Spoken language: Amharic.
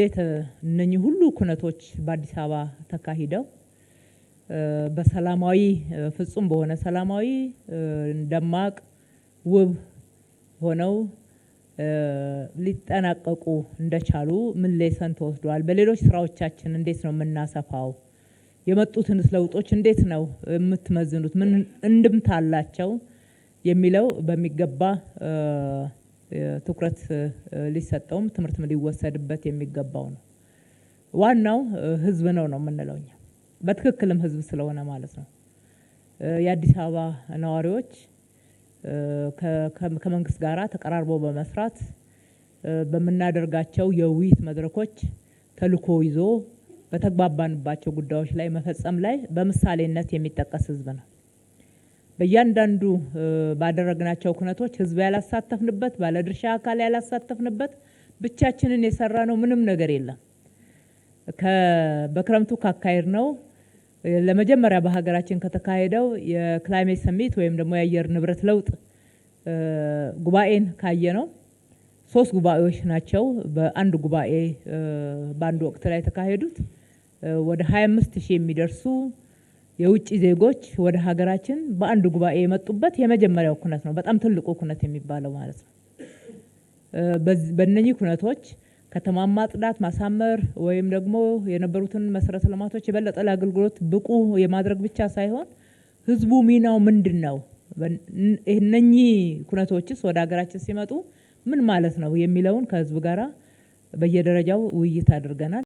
እንዴት እነኚህ ሁሉ ኩነቶች በአዲስ አበባ ተካሂደው በሰላማዊ ፍጹም በሆነ ሰላማዊ ደማቅ ውብ ሆነው ሊጠናቀቁ እንደቻሉ ምን ሌሰን ተወስዷል? በሌሎች ስራዎቻችን እንዴት ነው የምናሰፋው? የመጡትንስ ለውጦች እንዴት ነው የምትመዝኑት? ምን እንድምታ አላቸው? የሚለው በሚገባ ትኩረት ሊሰጠውም ትምህርትም ሊወሰድበት የሚገባው ነው። ዋናው ህዝብ ነው ነው የምንለው እኛ በትክክልም ህዝብ ስለሆነ ማለት ነው። የአዲስ አበባ ነዋሪዎች ከመንግስት ጋር ተቀራርቦ በመስራት በምናደርጋቸው የውይይት መድረኮች ተልእኮ ይዞ በተግባባንባቸው ጉዳዮች ላይ መፈጸም ላይ በምሳሌነት የሚጠቀስ ህዝብ ነው በእያንዳንዱ ባደረግናቸው ኩነቶች ህዝብ ያላሳተፍንበት ባለድርሻ አካል ያላሳተፍንበት ብቻችንን የሰራ ነው ምንም ነገር የለም። በክረምቱ ካካሄድ ነው ለመጀመሪያ በሀገራችን ከተካሄደው የክላይሜት ሰሚት ወይም ደግሞ የአየር ንብረት ለውጥ ጉባኤን ካየ ነው ሶስት ጉባኤዎች ናቸው በአንድ ጉባኤ በአንድ ወቅት ላይ የተካሄዱት ወደ 25 ሺህ የሚደርሱ የውጭ ዜጎች ወደ ሀገራችን በአንድ ጉባኤ የመጡበት የመጀመሪያው ኩነት ነው። በጣም ትልቁ ኩነት የሚባለው ማለት ነው። በእነኚህ ኩነቶች ከተማን ማጽዳት፣ ማሳመር ወይም ደግሞ የነበሩትን መሰረተ ልማቶች የበለጠ ለአገልግሎት ብቁ የማድረግ ብቻ ሳይሆን ህዝቡ ሚናው ምንድን ነው፣ እነኚህ ኩነቶችስ ወደ ሀገራችን ሲመጡ ምን ማለት ነው የሚለውን ከህዝብ ጋራ በየደረጃው ውይይት አድርገናል።